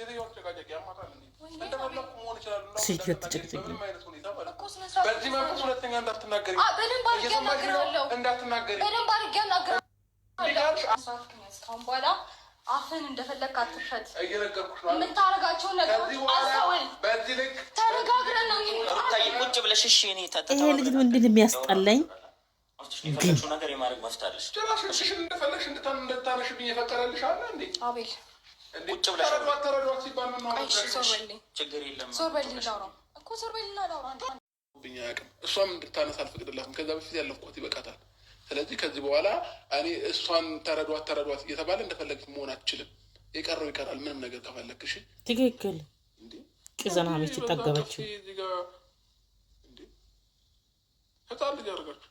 ሴትዮዋ በዚህ መንፈስ ሁለተኛ እንዳትናገሪ እንዳትናገሪ በኋላ አፍን እንደፈለግ አትሸት። የምታረጋቸውን ነው ይሄ ልጅ ምንድን የሚያስጠላኝ ነገር የማድረግ መፍታለሽ ጭራሽ እንደፈለግሽ እንድታነሽብኝ የፈቀደልሽ አለ እንዴ አቤል ቁጭ ብለሽ ችግር የለም እሷም እንድታነሳ አልፈቅድላትም። ከዛ በፊት ያለፍኳት ይበቃታል። ስለዚህ ከዚህ በኋላ እኔ እሷን ተረዷት ተረዷት እየተባለ እንደፈለግሽ መሆን አትችልም። የቀረው ይቀራል። ምንም ነገር ከፈለግሽ ትክክል ቅዘና ቤት ይጠገበችው ህፃን ልጅ አደረጋችሁ።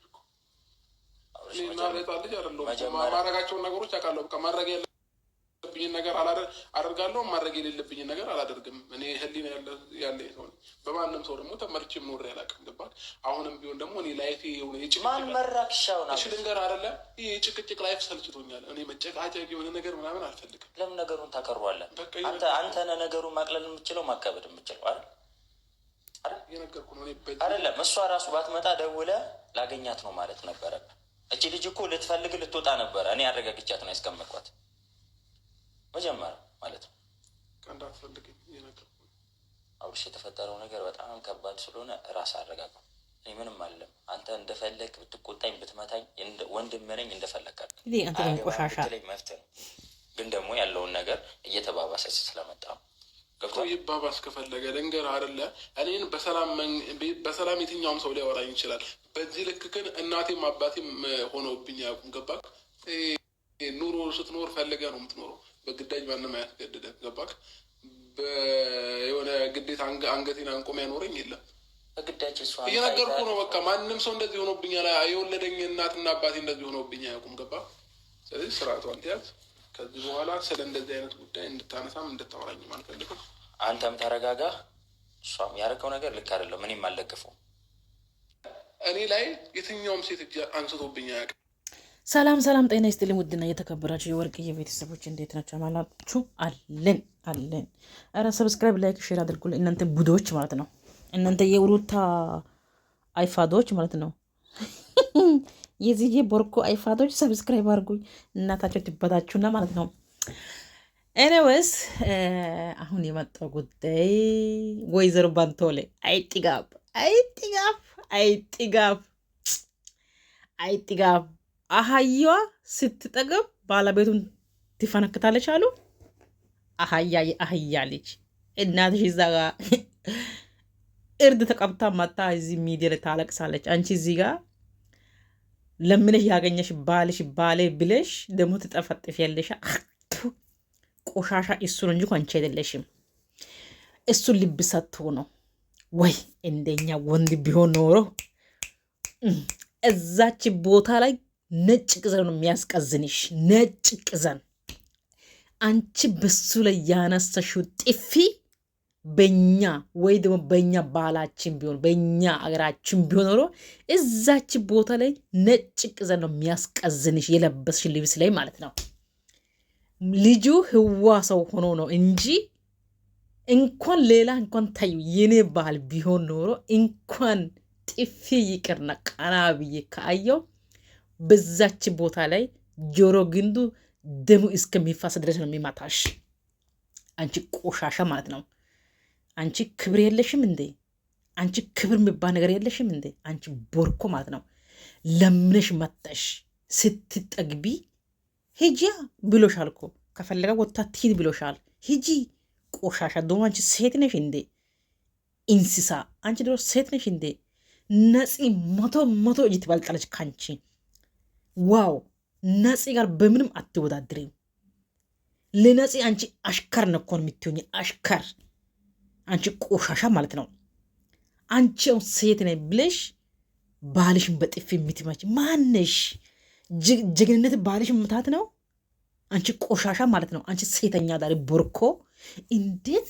ህፃን ልጅ አደለሁ ማድረጋቸውን ነገሮች ያውቃለሁ። በቃ ማድረግ ያለ የሌለብኝን ነገር አደርጋለሁ፣ ማድረግ የሌለብኝን ነገር አላደርግም። እኔ ህሊና ያለ ያለ ሰው በማንም ሰው ደግሞ ተመርቼ ኖር ያላቅም ገባህ? አሁንም ቢሆን ደግሞ እኔ ላይፍ የሆነ የጭቅጭቅ አደለ ይህ የጭቅጭቅ ላይፍ ሰልችቶኛል። እኔ መጨቃጨቅ የሆነ ነገር ምናምን አልፈልግም። ለምን ነገሩን ታቀርቧለን? አንተ ነህ ነገሩን ማቅለል የምችለው ማካበድ የምችለው አይደል? አይደለም እሷ ራሱ ባትመጣ ደውለ ላገኛት ነው ማለት ነበረብህ። እቺ ልጅ እኮ ልትፈልግ ልትወጣ ነበረ። እኔ አረጋግቻት ነው ያስቀመጥኳት። መጀመር ማለት ነው። እንዳትፈልገኝ አብርሽ፣ የተፈጠረው ነገር በጣም ከባድ ስለሆነ ራስ አረጋጋው። እኔ ምንም አለም። አንተ እንደፈለግ ብትቆጣኝ፣ ብትመታኝ፣ ወንድምህ ነኝ። እንደፈለግ ላይ መፍትሄ ነው። ግን ደግሞ ያለውን ነገር እየተባባሰ ስለመጣ ነው ገብቶ ይባባስ ከፈለገ ልንገርህ አይደለ እኔን በሰላም የትኛውም ሰው ሊያወራኝ ይችላል። በዚህ ልክ ግን እናቴም አባቴም ሆነውብኝ ያውቁም። ገባህ? ኑሮ ስትኖር ፈልገህ ነው የምትኖረው። በግዳጅ ማንም አያስገድደም። ገባክ? የሆነ ግዴታ አንገቴን አንቆም ያኖረኝ የለም። እየነገርኩ ነው። በቃ ማንም ሰው እንደዚህ ሆኖብኛል። የወለደኝ እናትና አባቴ እንደዚህ ሆኖብኝ አያውቁም። ገባ? ስለዚህ ስርዓቷን ትያዝ። ከዚህ በኋላ ስለ እንደዚህ አይነት ጉዳይ እንድታነሳም እንድታወራኝም አልፈልግም። አንተም ተረጋጋ። እሷም ያደረገው ነገር ልክ አይደለም። እኔም አልደግፈውም። እኔ ላይ የትኛውም ሴት እጅ አንስቶብኝ አያውቅም። ሰላም ሰላም፣ ጤና ይስጥልኝ ውድና እየተከበራችሁ የወርቅዬ ቤተሰቦች እንዴት ናቸው? አማላችሁ አለን አለን። ኧረ ሰብስክራይብ፣ ላይክ፣ ሼር አድርጉ። እናንተ ቡዶች ማለት ነው፣ እናንተ የውሩታ አይፋዶች ማለት ነው። የዚህ ቦርኮ አይፋዶች ሰብስክራይብ አድርጉ። እናታቸው ትበታችሁና ማለት ነው። ኤኒዌይስ አሁን የመጣው ጉዳይ ወይዘሮ ባንቶሌ አይጥጋፍ አይጥጋፍ አይጥጋፍ አይጥጋፍ አህያዋ ስትጠገብ ባለቤቱን ትፈነክታለች አሉ። አህያ የአህያ ልጅ እናትሽ እዛ ጋ እርድ ተቀብታ መታ እዚህ ሚዲያ ላይ ታለቅሳለች። አንቺ እዚህ ጋ ለምነሽ ያገኘሽ ባልሽ ባሌ ብለሽ ደግሞ ትጠፈጥፊያለሽ። ቆሻሻ ነው እንጂ አንቺ አይደለሽም። እሱን ልብ ሰጥቶ ነው ወይ እንደኛ ወንድ ቢሆን ኖሮ እዛች ቦታ ላይ ነጭ ቅዘን ነው የሚያስቀዝንሽ። ነጭ ቅዘን አንቺ በሱ ላይ ያነሳሽው ጥፊ በኛ ወይ ደግሞ በኛ ባህላችን ቢሆን በኛ አገራችን ቢሆን ኖሮ እዛች ቦታ ላይ ነጭ ቅዘን ነው የሚያስቀዝንሽ፣ የለበስሽ ልብስ ላይ ማለት ነው። ልጁ ህዋ ሰው ሆኖ ነው እንጂ እንኳን ሌላ እንኳን ታዩ የኔ ባህል ቢሆን ኖሮ እንኳን ጥፊ ይቅርና ቀና ብዬ ከአየው በዛች ቦታ ላይ ጆሮ ግንዱ ደሙ እስከሚፋስ ድረስ ነው የሚማታሽ። አንቺ ቆሻሻ ማለት ነው። አንቺ ክብር የለሽም እንዴ? አንቺ ክብር የሚባል ነገር የለሽም እንዴ? አንቺ ቦርኮ ማለት ነው። ለምነሽ መጠሽ ስትጠግቢ ሂጂ ብሎሻል እኮ ከፈለጋ ወታ ትሂድ ብሎሻል። ሂጂ ቆሻሻ። ደግሞ አንቺ ሴት ነሽ እንዴ? እንስሳ አንቺ ደግሞ ሴት ነሽ እንዴ? ነፂ መቶ መቶ እጅ ትበልጣለች ካንቺ ዋው ነፂ ጋር በምንም አትወዳድሪም። ለነፂ አንቺ አሽከር ነኮን የምትሆኝ አሽከር፣ አንቺ ቆሻሻ ማለት ነው። አንቺ አንቺው ሴት ነኝ ብለሽ ባልሽን በጥፊ የምትመች ማነሽ? ጀግንነት ባልሽ ምታት ነው። አንቺ ቆሻሻ ማለት ነው። አንቺ ሴተኛ ዳሪ ቦርኮ እንዴት!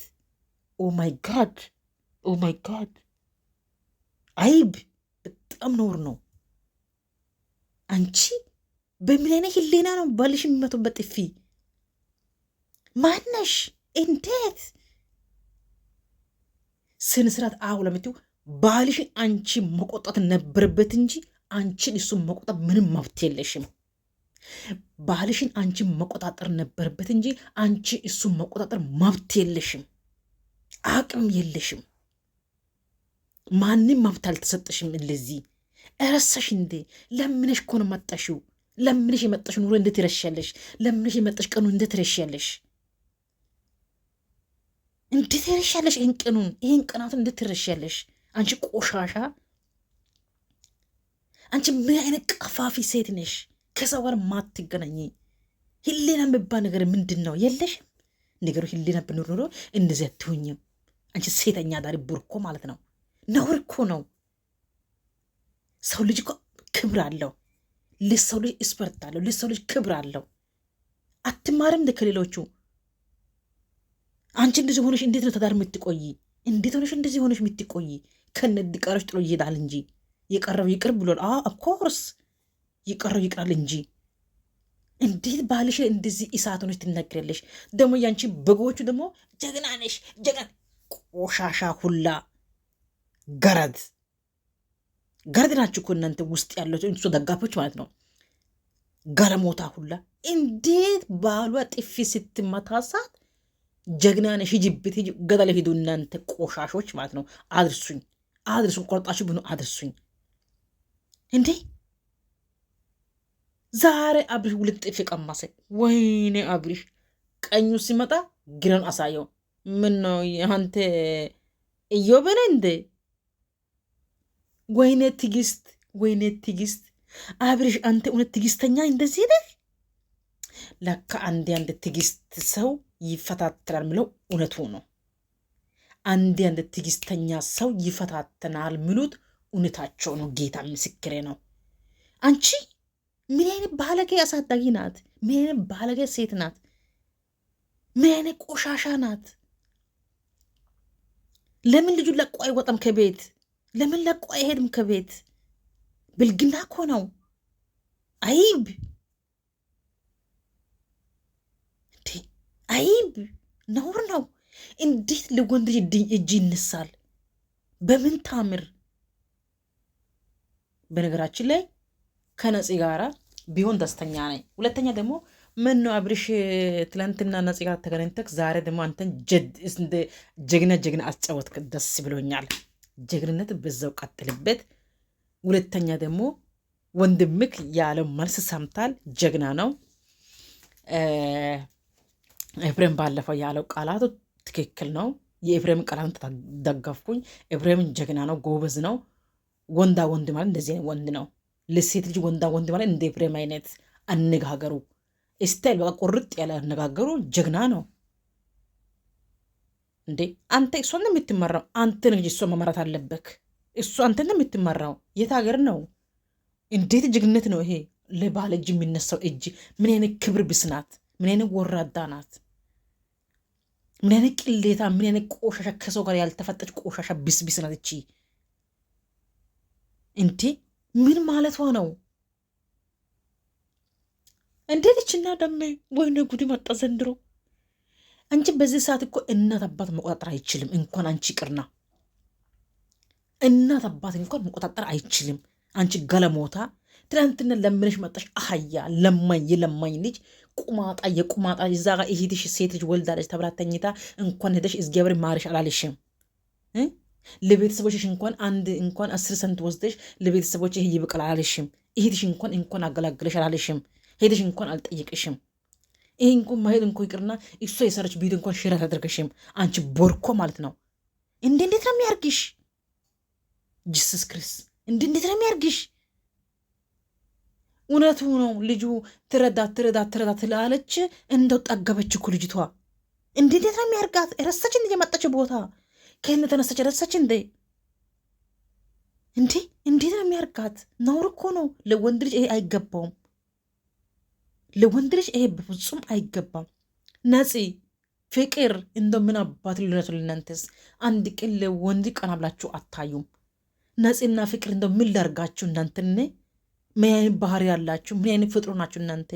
ኦማይ ጋድ ኦማይ ጋድ! አይብ በጣም ነውር ነው። አንቺ በምን አይነት ህሌና ነው ባልሽ የሚመቱበት ጥፊ? ማነሽ? እንዴት ስንስራት አሁ ለምትው ባልሽን አንቺ መቆጣት ነበረበት እንጂ አንቺን እሱ መቆጣት ምንም መብት የለሽም። ባልሽን አንቺ መቆጣጠር ነበረበት እንጂ አንቺ እሱ መቆጣጠር መብት የለሽም፣ አቅም የለሽም። ማንም መብት አልተሰጠሽም። እንደዚህ እረሳሽ እንዴ? ለምንሽ እኮ ነው መጣሽው። ለምንሽ የመጣሽ ኑሮ እንዴት ይረሻለሽ? ለምንሽ የመጣሽ ቀኑ እንዴት ይረሻለሽ? እንዴት ይረሻለሽ? ይህን ቀኑን ይህን ቀናቱን እንዴት ይረሻለሽ? አንቺ ቆሻሻ፣ አንቺ ምን አይነት ቀፋፊ ሴት ነሽ? ከሰው ጋር ማትገናኝ ህሊና የሚባል ነገር ምንድን ነው? የለሽም ነገሩ። ህሊና ብኖር ኖሮ እንደዚህ አትሆኝም። አንቺ ሴተኛ ዳሪ ቡርኮ ማለት ነው። ነውር እኮ ነው። ሰው ልጅ እኮ ክብር አለው። ሰው ልጅ ስፐርት አለው። ሰው ልጅ ክብር አለው። አትማርም ከሌሎቹ አንቺ እንደዚህ ሆነሽ እንዴት ነው ተዳር የምትቆይ? እንዴት ሆነሽ እንደዚህ ሆነሽ የምትቆይ? ከነድ ድቃሮች ጥሎ ይሄዳል እንጂ የቀረው ይቅር ብሎ ኦፍኮርስ ይቀረው ይቅራል እንጂ እንዴት ባልሽ እንደዚህ እሳት ሆነሽ ትነግሪያለሽ? ደግሞ ያንቺ በጎቹ ደግሞ ጀግና ነሽ ጀግና ቆሻሻ ሁላ ገረድ ጋርድ ናችሁ እኮ እናንተ ውስጥ ያለው እንሱ ደጋፊዎች ማለት ነው። ጋለሞታ ሁላ እንዴት ባሏ ጥፊ ስትመታሳት ጀግና ነሽ፣ ሂጂበት፣ ገዳለ ሂዱ እናንተ ቆሻሾች ማለት ነው። አድርሱኝ፣ አድርሱኝ፣ ቆርጣችሁ ብኑ አድርሱኝ። እንዴ ዛሬ አብሪሽ ሁለት ጥፊ ቀማሰ። ወይኔ አብሪሽ ቀኙ ሲመጣ ግረን አሳየው። ምን ነው አንተ እዮብ ነህ እንዴ? ወይኔ ትግስት ወይኔ ትግስት። አብርሽ አንተ እውነት ትግስተኛ እንደዚህ ነህ? ለካ አንድ አንድ ትግስት ሰው ይፈታተናል ምለው እውነቱ ነው። አንድ አንድ ትግስተኛ ሰው ይፈታተናል ምሉት እውነታቸው ነው። ጌታ ምስክሬ ነው። አንቺ ምን አይነት ባለጌ አሳዳጊ ናት? ምን አይነት ባለጌ ሴት ናት? ምን አይነት ቆሻሻ ናት? ለምን ልጁን ለቆ አይወጣም ከቤት? ለምን ለቆ አይሄድም ከቤት? ብልግና እኮ ነው። አይብ እንዴ! አይብ ነውር ነው። እንዴት ለወንድ እጅ ይነሳል? በምን ታምር? በነገራችን ላይ ከነፂ ጋራ ቢሆን ደስተኛ ነኝ። ሁለተኛ ደግሞ ምን ነው አብርሽ ትላንትና ነፂ ጋር ተገናኝተክ ዛሬ ደግሞ አንተን ጀግና ጀግና አስጫወትክ። ደስ ብሎኛል። ጀግንነት በዛው ቀጥልበት። ሁለተኛ ደግሞ ወንድምክ ያለው መልስ ሰምታል። ጀግና ነው። ኤፍሬም ባለፈው ያለው ቃላቱ ትክክል ነው። የኤፍሬም ቃላት ተደገፍኩኝ። ኤፍሬም ጀግና ነው፣ ጎበዝ ነው። ወንዳ ወንድ ማለት እንደዚህ አይነት ወንድ ነው። ለሴት ልጅ ወንዳ ወንድ ማለት እንደ ኤፍሬም አይነት አነጋገሩ ስታይል፣ በቃ ቁርጥ ያለ አነጋገሩ ጀግና ነው። እንዴ አንተ እሷን ነው የምትመራው። አንተ ነው እሷ መመራት አለበክ። እሱ አንተ ነው የምትመራው። የት ሀገር ነው? እንዴት ጀግነት ነው ይሄ! ለባል እጅ የሚነሳው እጅ። ምን አይነት ክብር ቢስ ናት! ምን አይነት ወራዳ ናት! ምን አይነት ቅሌታ! ምን አይነት ቆሻሻ! ከሰው ጋር ያልተፈጠች ቆሻሻ ቢስ ቢስ ናት እቺ። እንዴ ምን ማለቷ ነው? እንዴት እችና ደሜ! ወይኔ ጉድ መጣ ዘንድሮ አንቺ በዚህ ሰዓት እኮ እናት አባት መቆጣጠር አይችልም። እንኳን አንቺ ቅርና እናት አባት እንኳን መቆጣጠር አይችልም። አንቺ ገለሞታ ትናንትና ለምንሽ መጣሽ። አህያ ለማኝ የለማኝ ልጅ ቁማጣ የቁማጣ እዛ ጋ እህትሽ ሴት ልጅ ወልዳለች ተብላ ተኝታ እንኳን ሄደሽ እግዚአብሔር ማርሽ አላልሽም። ለቤተሰቦችሽ እንኳን አንድ እንኳን አስር ሰንት ወስደሽ ለቤተሰቦች ይህ ይብቅል አላልሽም። እህትሽ እንኳን እንኳን አገላግለሽ አላልሽም። ሄደሽ እንኳን አልጠየቅሽም። ይሄ እንኳን ማሄድ እንኳ ይቅርና እሷ የሰረች ቤት እንኳን ሽረት ታደርገሽም። አንቺ ቦርኮ ማለት ነው። እንደ እንዴት ነው የሚያርግሽ? ጅስስ ክርስ እንደ እንዴት ነው የሚያርግሽ? እውነቱ ነው። ልጁ ትረዳት ትረዳት ትረዳት ትላለች። እንደው ጠገበች እኮ ልጅቷ። እንደ እንዴት ነው የሚያርጋት? ረሳች እንዴ የመጣች ቦታ ከነ ተነሳች ረሳች እንዴ እንዴ እንዴት ነው የሚያርጋት? ነውር እኮ ነው። ለወንድ ልጅ ይሄ አይገባውም። ለወንድ ልጅ ይሄ በፍጹም አይገባም። ነፂ ፍቅር እንደምን አባት ልዩነቱ ልናንተስ አንድ ቀን ለወንድ ቀና ብላችሁ አታዩም። ነፂና ፍቅር እንደ ምን ላርጋችሁ እናንተን? ምን አይነት ባህሪ ያላችሁ? ምን አይነት ፍጥሮ ናችሁ እናንተ?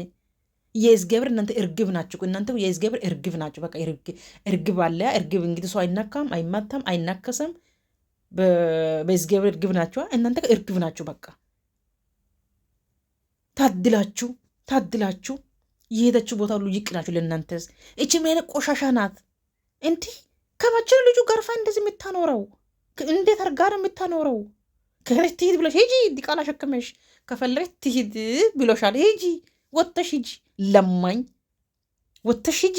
የእግዚአብሔር እናንተ እርግብ ናችሁ። እናንተ የእግዚአብሔር እርግብ ናችሁ። በቃ እርግብ አለ። እርግብ እንግዲህ ሰው አይናካም፣ አይማታም፣ አይናከሰም። በእግዚአብሔር እርግብ ናችኋ። እናንተ እርግብ ናችሁ። በቃ ታድላችሁ ታድላችሁ የሄደችው ቦታ ሁሉ ይቅናችሁ። ለእናንተስ እቺ ምን አይነት ቆሻሻ ናት? እንዲህ ከመቼ ልጁ ገርፋ እንደዚህ የምታኖረው እንዴት አርጋ ነው የምታኖረው? ከረት ትሂድ ብሎ ሄጂ ዲቃላ ሸክመሽ ከፈለገች ትሂድ ብሎሻል። ሄጂ ወተሽ ሂጂ፣ ለማኝ ወተሽ ሂጂ።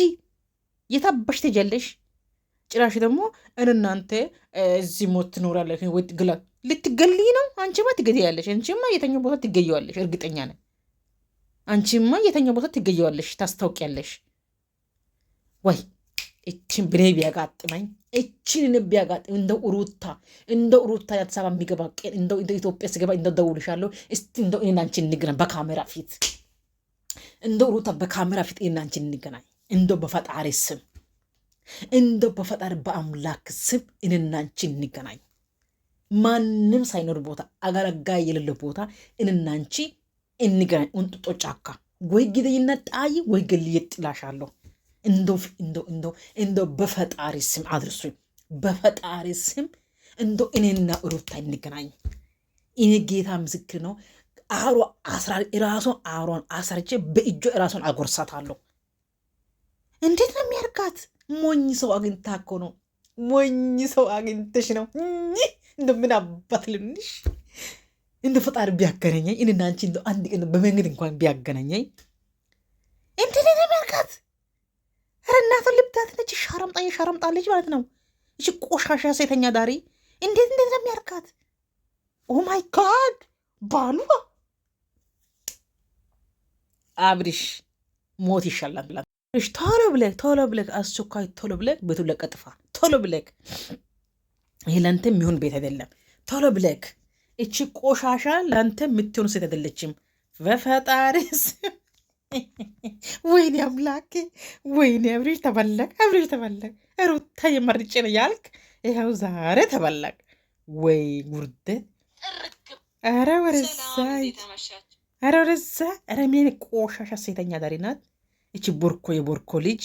የታበሽ ትጀለሽ ጭራሽ ደግሞ እንናንተ እዚህ ሞት ትኖራለሽ። ግላ ልትገልይ ነው አንቺማ፣ ትገደያለሽ። አንቺማ የተኛው ቦታ ትገየዋለሽ፣ እርግጠኛ ነን። አንቺማ የተኛው ቦታ ትገየዋለሽ፣ ታስታውቂያለሽ ወይ? እችን ብኔ ቢያጋጥመኝ እችን ን ቢያጋጥም እንደ ሩታ እንደ ሩታ አዲስ አበባ የሚገባ ቀን እንደ ኢትዮጵያ ስገባ እንደ ደውልሻለሁ። እስቲ እንደ እኔና አንቺ እንገናኝ በካሜራ ፊት እንደ ሩታ በካሜራ ፊት እኔና አንቺ እንገናኝ። እንደ በፈጣሪ ስም እንደ በፈጣሪ በአምላክ ስም እኔና አንቺ እንገናኝ። ማንም ሳይኖር ቦታ አጋላጋ የሌለ ቦታ እኔና አንቺ እንገናኝ እንጦጦ ጫካ ወይ ግደይና ጣይ ወይ ግል ጥላሻለሁ። እንዶ እንደው እንደው በፈጣሪ ስም አድርሱ በፈጣሪ ስም እንዶ እኔና ሩታ እንገናኝ። እኔ ጌታ ምስክር ነው። አሮ ራሷን አሮን አሰርቼ በእጇ ራሷን አጎርሳታለሁ። እንዴት ነው የሚያርጋት? ሞኝ ሰው አግኝታ እኮ ነው። ሞኝ ሰው አግኝተሽ ነው። እንደምን አባት ልንሽ እንደ ፈጣሪ ቢያገናኘኝ እኔና አንቺ እንደ አንድ ቀን በመንገድ እንኳን ቢያገናኘኝ እንትን ለመርካት ኧረ እናትን ልብታት ነች ሻረምጣ የሻረምጣለች ማለት ነው። እች ቆሻሻ ሴተኛ ዳሪ እንዴት እንዴት ነው የሚያርካት? ኦ ማይ ጋድ ባሏ አብሪሽ ሞት ይሻላል ብላ ቶሎ ብለክ ቶሎ ብለክ አስቸኳይ ቶሎ ብለክ ቤቱ ለቀጥፋ ቶሎ ብለክ ይህ ለአንተ የሚሆን ቤት አይደለም ቶሎ ብለክ እቺ ቆሻሻ ለአንተ የምትሆኑ ሴት አይደለችም። በፈጣሪስ ወይኔ አምላኬ፣ ወይኔ አብሪል ተበላክ፣ አብሪል ተበላክ። ሩታ የመርጭ ነው ያልክ ይኸው ዛሬ ተበላክ። ወይ ጉርደት! ኧረ ወረዛ፣ ኧረ ወረዛ፣ ኧረ ምን ቆሻሻ ሴተኛ ዳሪ ናት እቺ ቦርኮ የቦርኮ ልጅ